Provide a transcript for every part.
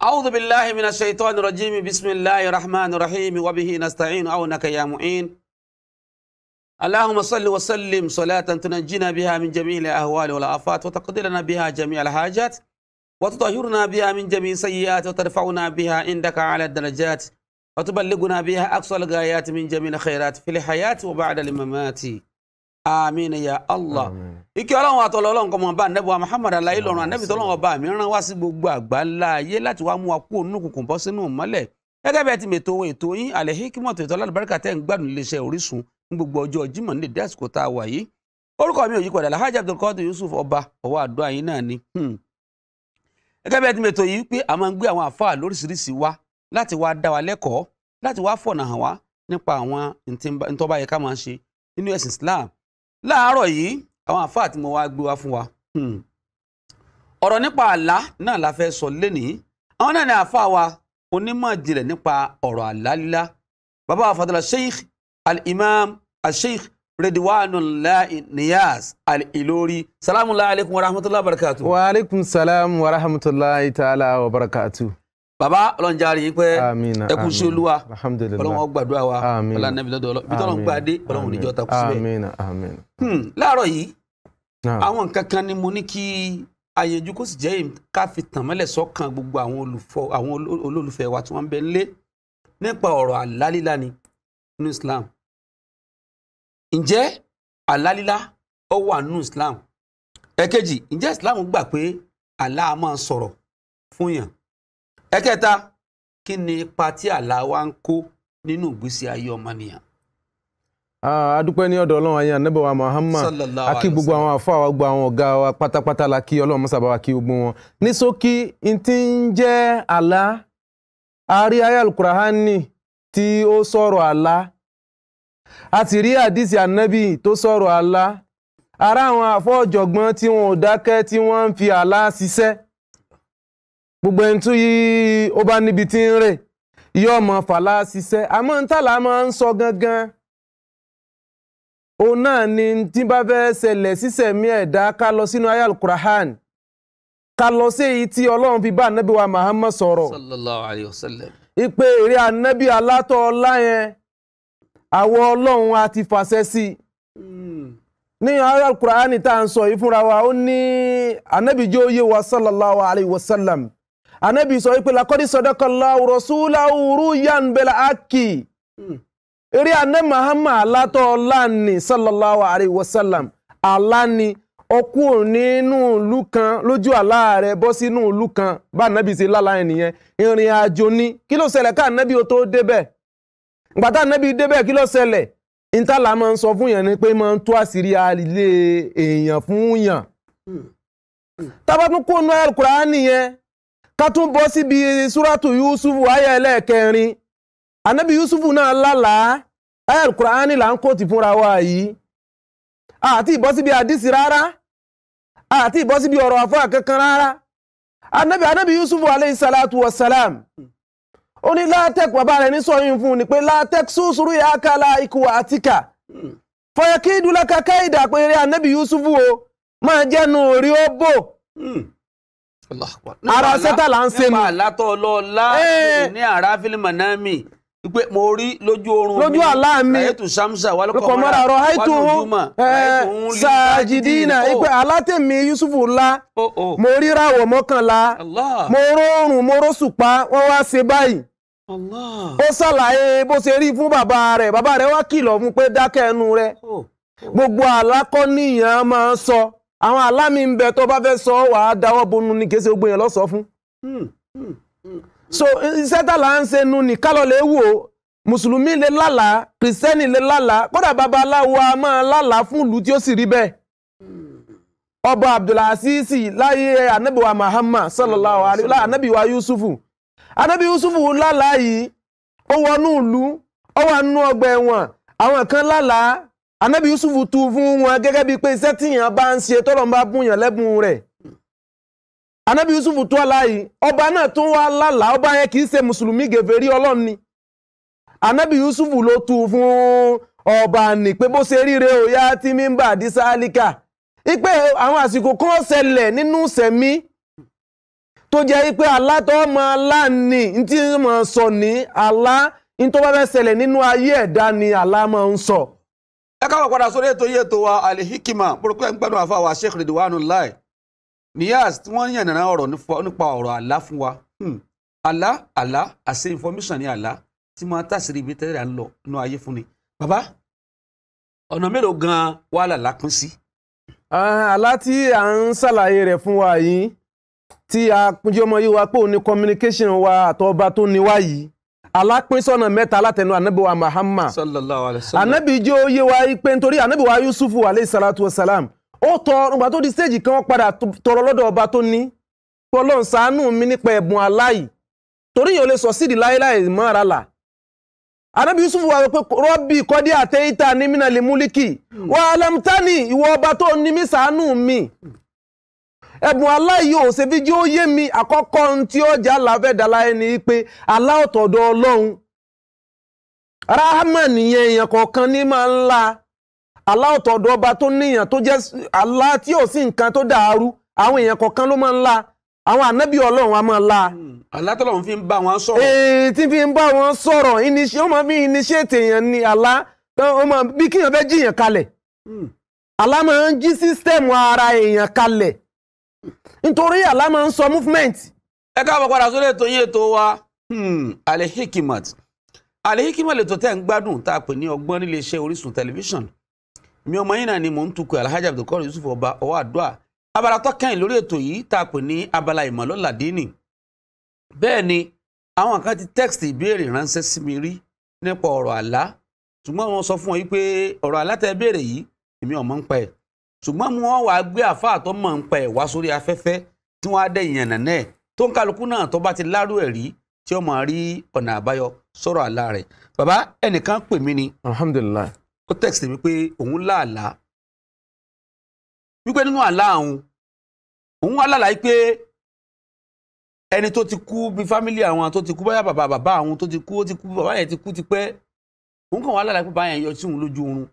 أعوذ بالله من الشيطان الرجيم بسم الله الرحمن الرحيم وبه نستعين عونك يا معين اللهم صل وسلم صلاة تنجينا بها من جميع الأهوال والآفات وتقدرنا بها جميع الحاجات وتطهرنا بها من جميع سيئات وترفعنا بها عندك على الدرجات وتبلغنا بها أقصى الغايات من جميع الخيرات في الحياة وبعد الممات àmín ya allah ike ọlọ́run àtọ̀lọ́ ọlọ́run kọ́mọ bá nẹ́bọ̀ muhammad alayhi lọ́run anẹ́bí tọ́lọ́run ọba mi rán wá sí gbogbo àgbáńlá ayé láti wá mú wa kú òun kùkùn bọ́ sínú mọ́lẹ̀ gẹ́gẹ́ bẹ́ẹ̀ ti mètò ètò yín Al-Hikmat ètò alálùbáríkà tẹ́ ń gbádùn iléeṣẹ́ Orísun ní gbogbo ọjọ́ Jímọ̀ ní ìdí àsìkò tá a wà yìí orúkọ mi ò yí padà Alhaji Abdulkadir Yusuf ọba ọwọ́ àdó àyín náà ni. Hmm. gẹ́gẹ́ bẹ́ẹ̀ ti mètò yìí pé a máa ń gbé àwọn àfáà lóríṣiríṣi wá láti wá dá wa lẹ́kọ̀ọ́ láti wá fọ̀nà hàn wá nípa àwọn ntọ́ba yẹ ká máa ṣe nínú ẹ̀sìn Islam láàárọ̀ yìí àwọn àfáà tí mo wá gbé wá fún wa hmm, ọ̀rọ̀ nípa àlá náà la fẹ́ sọ lénìí àwọn náà ni àfáà wa onímọ̀ ìjìnlẹ̀ nípa ọ̀rọ̀ àlá lílá bàbá àfàdàlà sheikh al-imam al-sheikh Ridwanullahi Niyas al-Ilori salamu alaykum wa rahmatulahi wa barakatu. wa alaykum salam wa rahmatulahi ta'ala wa barakatu bàbá ọlọ́njàre yìí pẹ́ ẹkú sí olúwa ọlọ́wọ́n gbàdúrà wa ọlọ́run nẹ́bí lọ́dọ̀ ọlọ́ ibi tọ́lọ́ ń gbà dé ọlọ́run níjọ́ takú síbẹ̀. Hmm, láàárọ̀ yìí àwọn nǹkan kan ni mo ní kí àyànjú kó sì jẹ́ ká fi tàn mọ́lẹ̀ sọ́kàn gbogbo àwọn olólùfẹ́ wa tí wọ́n ń bẹ nílé nípa ọ̀rọ̀ àlálílá ni nínú Islam. ǹjẹ́ àlálílá ó wà nínú Islam? ẹ̀kejì ǹjẹ́ Islam gbà pé àlá máa sọ̀rọ̀ fún yàn ẹ̀kẹta kí ni ipa tí àlá wa ń kó nínú ìgbésí ayé ọmọnìyàn. adúpẹ́ ní ọ̀dọ̀ ọlọ́run ayé anábọ̀ wa Muhammad akí gbogbo àwọn àfọ àwọn gbogbo àwọn ọ̀gá wa pátápátá la kí ọlọ́run mọ́sàbá wa kí gbogbo wọn. ní ṣókí n ti ń jẹ́ àlá àárí ayé alukurahani tí ó sọ̀rọ̀ àlá a ti rí àdìsí ànábì tó sọ̀rọ̀ àlá ara àwọn àfọ ọ̀jọ̀gbọ́n tí wọn ò dákẹ́ tí wọ́n ń fi àlá ṣiṣẹ́. gbogbo ẹni tó yí ó bá níbi tí ń rè yóò mọ fàlà ṣiṣẹ́ àmọ́ ń gangan òun náà ni tí bá fẹ́ ṣẹlẹ̀ sísẹ̀mí ẹ̀dá ká lọ sínú ayé alukurahan ká lọ sí èyí tí ọlọ́run fi bá wa sallallahu ipe èrè anabi alátọ̀ ọlá yẹn a ti fàṣẹ sí i hmm. ní tá à ń sọ yìí fúnra wa anabi sọ wípé lakọ́dí sọdọ́kọ̀ láwùrọ̀ súláwùrú yan bẹ̀lẹ̀ ákì eré aná mahama alátọ́ ọláni sallallahu alayhi wa sallam aláni ọkú nínú ìlú kan lójú aláàrẹ bọ́ sínú ìlú kan bá anabi ṣe lálá ẹ̀ nìyẹn ìrìn ni kí ló ṣẹlẹ̀ ká anabi ó tó débẹ̀ gbàtà anabi débẹ̀ kí ló ṣẹlẹ̀ ìtàlá máa ń sọ fún yẹn ni pé máa ń àṣírí alẹ́ èèyàn fún yàn hmm. Hmm. ká tún bọ́ síbi súrátù yusufu ayé ẹlẹ́ẹ̀kẹrin anabi yusufu náà lálàá ayé alukur'ani là ń kóòtù fúnra wa yìí àti ìbọ́ síbi àdìsí rárá àti ìbọ́ síbi ọ̀rọ̀ àfọ́ kankan rárá anabi anabi yusufu aleyhi salatu wa salam ó ní látẹ́kù bàbá rẹ̀ ní sọ́yún fún un ni pé látẹ́kù sùúrù yà á kala ikú àtìkà fọyọ́ kí dúlákà káyìdà pé eré anabi yusufu o máa jẹ́nu orí ó bò ara sẹ́tà là ń ṣe nù. nípa àlátọ̀ ọlọ́ọ̀lá ní àrà fílímù náà mì pé mo rí lójú oorun mi lójú àlá mi ràyẹ̀tù samsa wà lóko mọ́ra ọ̀rọ̀ haitu sàjìdínà ipe alátẹ̀mí yusufu ńlá oh, oh. mo rí ràwọ̀ mọ́kànlá mo rọrùn mo rọ́ṣùpá wọ́n wá ṣe báyìí ó ṣàlàyé bó ṣe rí fún bàbá rẹ̀ bàbá rẹ̀ wá kìlọ̀ fún pé dákẹ́ ẹnu rẹ̀ oh, gbogbo àlákọ́ nìyẹn máa ń sọ. So. àwọn alámi ń bẹ tó bá fẹ́ sọ wàá dáwọ́ bonu ni kìí ṣe gbogbo yẹn lọ́sọ̀ fún. Hmm, hmm, hmm. so iṣẹ́ tá là ń ṣe nu ni kálọ̀ lè wò mùsùlùmí lè lálàá kìrìsìtẹ́nì lè lálàá kódà babaláwo a máa lálàá fún ìlú tí ó sì rí bẹ́ẹ̀. ọba abdulhasisi láyé anabiwa mahama sallallahu alayhi wa anabiwa yusufu anabi yusufu lálàá yìí ó wọnú ìlú ó wà nínú ọgbà ẹ̀wọ̀n àwọn kan lálàá anabi yusuf tu fún wọn gẹ́gẹ́ bíi pé iṣẹ́ tíyàn bá ń ṣe tọ́lọ́run bá bùn yàn lẹ́bùn anabi yusuf tó aláyìí ọba náà tún wá lálà ọba yẹn kì í ṣe mùsùlùmí gèfèrí ọlọ́run ni anabi yusuf ló tu fún ọba ní pé bó ṣe ríre òyà tí mi ń ipe àwọn àsìkò kan ṣẹlẹ̀ nínú sẹ̀mí tó jẹ́ pé alátọ́ ọmọ aláàní tí mo sọ ní alá ní tó bá fẹ́ ṣẹlẹ̀ nínú ayé ẹ̀dá ni alá máa ń sọ. So ẹ káwọ́ padà sórí ètò yìí ètò wa alihikima burúkú ẹ̀ ń àfa wa Sheikh Ridwanullahi Niyass tí wọ́n yàn nana ọ̀rọ̀ nípa ọ̀rọ̀ àlá fún wa hmm. àlá àlá àṣẹ information ni àlá tí máa tàṣírí ibi tẹ́lẹ̀ à ń lọ inú ayé fún ni. bàbá ọ̀nà mélòó gan-an wà lálá pín sí. Ah, àlá tí à ń ṣàlàyé rẹ̀ fún wa yìí tí a pínjọ́ yìí wa pé òun ni communication wa àtọ́ba tó ní wá yìí alápínsọ́nà mẹ́ta látẹnu anábìwa Muhammad sallallahu alaihi wasallam anábì jẹ́ oyé wa pé nítorí anábìwa Yusufu alayhi salatu wasalam ó tọ ọgbà tó di stéèjì kan wọ́n padà tọrọ lọ́dọ̀ ọba tó ní Ọlọ́run ṣàánú mi nípa ẹ̀bùn aláì torí yóò lè sọ sídìí láéláì mọ́ là anábì Yusufu wa pé rọ́bì kọ́dí àtẹ́yìntà ní mínà lè múlíkì wà á lẹ́mú tání ìwọ ọba tó ní mi ṣàánú mi. Ebun aláìyé ò ṣe bí ó yé mi àkọ́kọ́ ohun tí ó jà láfẹ́dàlá ẹni pé aláòtọ̀dọ̀ ọlọ́run rahama nìyẹn èèyàn kọ̀ọ̀kan ní máa ń la ọba tó níyàn tó jẹ́ alá tí ò sí nǹkan tó dàrú àwọn èèyàn kọ̀ọ̀kan ló máa ń la àwọn ànábì ọlọ́run a máa la. Hmm. fi ń bá wọn sọ̀rọ̀. ee tí ni bí kíyàn fẹ́ kalẹ̀ máa ń ara èèyàn kalẹ̀ nítorí àlá máa ń sọ movement. ẹ káàbọ̀ padà sórí ètò yín ètò wa hmm, Al-Hikmat Al-Hikmat lè tó tẹ̀ ń gbádùn tá a pè ní ọgbọ́n nílé iṣẹ́ Orísun tẹlifíṣàn mi ọmọ yín náà ni mò ń tukọ̀ Alhaji Abdulkadir Yusuf ọba ọwọ́ àdúrà abala tó kẹ́yìn lórí ètò yìí tá a pè ní abala ìmọ̀lọ́ládínì bẹ́ẹ̀ ni àwọn kan ti text ìbéèrè ránṣẹ́ sí mi rí nípa ọ̀rọ̀ àlá ṣùgbọ́n wọ́n sọ fún ọ yìí pé ọ̀rọ̀ àlá tẹ́ béèrè yìí èmi ò mọ̀ ń pa ẹ̀ ṣùgbọ́n mo wá gbé àfáà tó mọ̀ ń pa ẹ̀ wá sórí afẹ́fẹ́ tí wọ́n á dẹ̀ ìyànnà náà tó ń kálukú náà tó bá ti lárú ẹ̀ rí tí ó máa rí ọ̀nà àbáyọ sọ̀rọ̀ àlá rẹ̀ bàbá ẹnìkan pè mí ni alhamdulillah ó text mi pé òun láàlá wípé nínú àlá òun òun wá lálàá pé ẹni tó ti kú bí fámílì àwọn tó ti kú báyà bàbá bàbá àwọn tó ti kú ó ti kú bàbá yẹn ti kú ti pẹ́ òun kàn wá lálàá pé bàbá yọ sí òun lójú oorun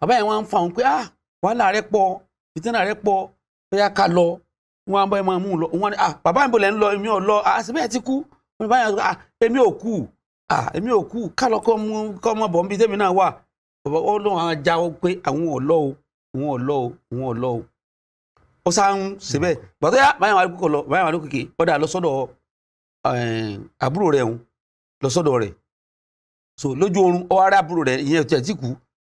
Baba yẹn wọn fa òun pé ah wàhálà rẹ pọ̀ ìtẹ́nà rẹ pọ̀ bóyá ká lọ wọn bá ẹmọ mú lọ wọn ah bàbá mi bò ń lọ èmi ò ah síbẹ̀ ti kú bàbá yẹn ah èmi ò ah èmi ò kú ká lọ kọ́ mú kọ́ mọ́ bọ̀ ń bí tẹ́mi náà wà bàbá pé àwọn ah, ò lọ o àwọn ò lọ o àwọn ò lọ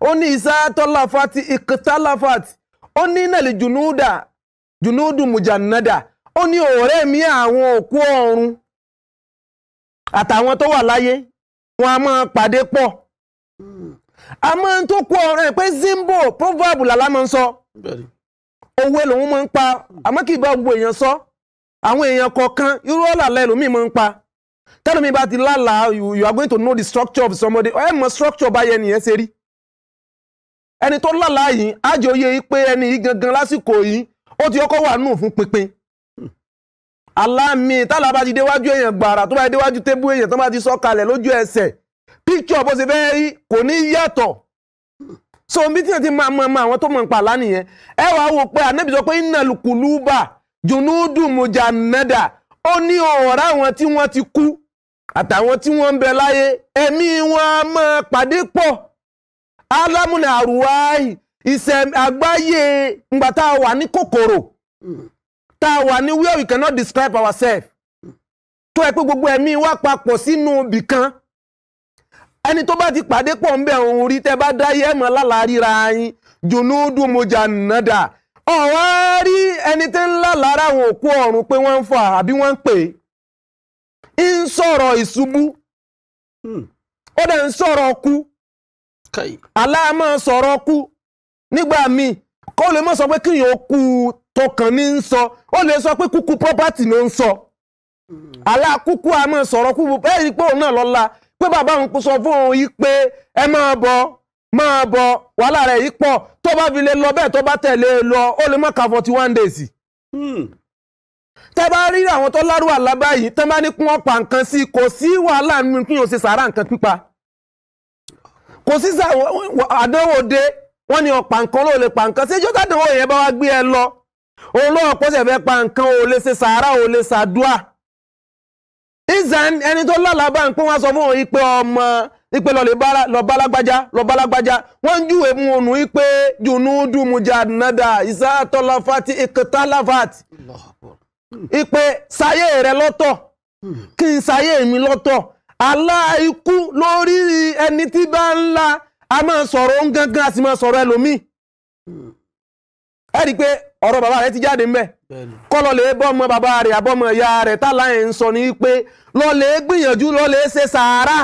ó ní ìsátọ́láfàtì ìkẹtàláfàtì ó ní nàlẹ́ junudu jùnúdù mùjànàdà ó ní ọ̀rẹ́ mi àwọn oku ọ̀run àtàwọn tó wà láyé wọn a ma pàdé pọ̀ a ma n tó kú ọ̀rọ̀ ẹ̀ pé zimbo proverb làlá máa ń sọ òwe lòun ma ń pa àmọ́ kì í bá gbogbo èèyàn sọ àwọn èèyàn kọ̀ọ̀kan irú ọ̀là lẹ́lòmíì máa ń pa tẹ́lómi bá ti lálàá you are going to know the structure of somebody ẹ̀ mọ̀ structure báyẹn nìyẹn ṣe rí. ẹni tó lálàá yìí ájòyè yìí pé ẹni yìí gangan lásìkò yìí ó ti ọkọ wà nù fún pinpin aláàmì tálàbà ti déwájú èèyàn gbàrà tó bá déwájú tébú èèyàn tó bá ti sọ kalẹ̀ lójú ẹsẹ̀ píkṣọ bó ṣe fẹ́ rí kò ní yàtọ̀ so bí tí wọ́n ti máa mọ àwọn tó mọ̀ ń pa àlá nìyẹn ẹ wàá wò pé ànábì sọ pé iná kùlùbà jùnúdù mùjànádà ó ní ọ̀rá àwọn tí wọ́n ti kú àtàwọn tí wọ́n ń bẹ láyé ẹ̀mí wọn a máa pàdé pọ̀ ala àrùwáì ìṣẹ̀ ise agbaye tá a wà ní kòkòrò tá a wà where we cannot describe ourselves to ẹ pé gbogbo emi wa si sínú bi kan ẹni to bá ti pàdé pọ̀ ń bẹ̀ òun rí tẹ́ bá dáyé ẹ̀mọ́ lálàríra yín jùnúdù mojà nàdà ọ̀wá rí ẹni te ń lara àwọn òkú pe pé wọ́n ń fà àbí wọ́n ń pè é ń sọ̀rọ̀ ìṣubú hmm. ó dẹ̀ ń aláàmọ́ sọ̀rọ̀ kú nígbà míì kó lè mọ́ sọ pé kíyàn ó kú tó kàn ní ń sọ ó lè sọ pé kúkú property ló ń sọ aláàkúkú àmọ́ sọ̀rọ̀ kú bẹ́ẹ̀ ni pé òun náà lọ́la pé bàbá òun kò sọ fún òun yìí pé ẹ máa bọ̀ máa bọ̀ wàhálà rẹ̀ yìí pọ̀ tó bá fi lè lọ bẹ́ẹ̀ tó bá tẹ̀lé e lọ ó lè mọ̀ ká forty one days. Hmm. tẹ́ bá rí àwọn tó lárúwà lábáyìí tẹ́ bá ní kí wọ́n nǹkan sí kò sí wàhálà nínú kí wọ́n ṣe sàárà nǹkan pípa. kosisa adewode won ni opa nkan lo nkan si jo dadan oyen ba wa gbe lo olorun ko se fe pa nkan o le se sara o le sadua izan eni to lola ba npin wa omo ipe lo le bala lo balagbaja lo balagbaja won juwe mu onu ipe junudu mujannada isa tolafati iktalafat ipe saye re loto ki saye mi àlá ikú lórí ẹni tí bá ń la a máa sọ̀rọ̀ ń gangan a sì máa sọ̀rọ̀ ẹlòmíì ẹ rí i pé ọ̀rọ̀ bàbá rẹ̀ ti jáde ń bẹ̀ kọ́lọ́lẹ̀ bọ́mọ bàbá rẹ̀ àbọ́mọ ìyá rẹ̀ tálà ẹ̀ ń sọ ni pé gbìyànjú ṣe sàárà.